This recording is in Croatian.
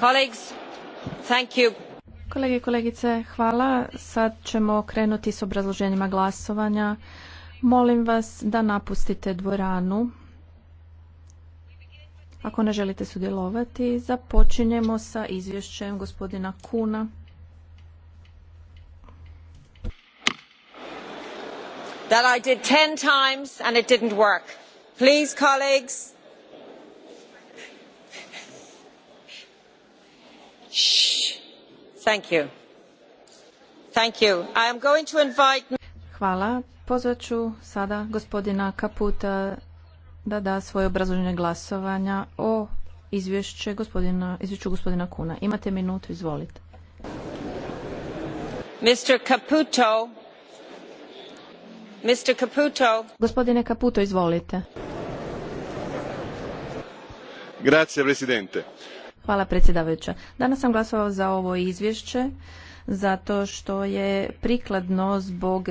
Kolege i kolegice, hvala. Sad ćemo krenuti s obrazloženjima glasovanja. Molim vas da napustite dvoranu. Ako ne želite sudjelovati, započinjemo sa izvješćem gospodina Kuna. That I did ten times and it didn't work. Please, colleagues, Hvala. Pozvat ću sada gospodina Kaputa da da svoje obrazloženje glasovanja o gospodina, izvješću gospodina Kuna. Imate minutu, izvolite. Mr. Caputo. Mr. Caputo. Gospodine Caputo, izvolite. Grazie, Presidente Hvala predsjedavajuća. Danas sam glasovao za ovo izvješće zato što je prikladno zbog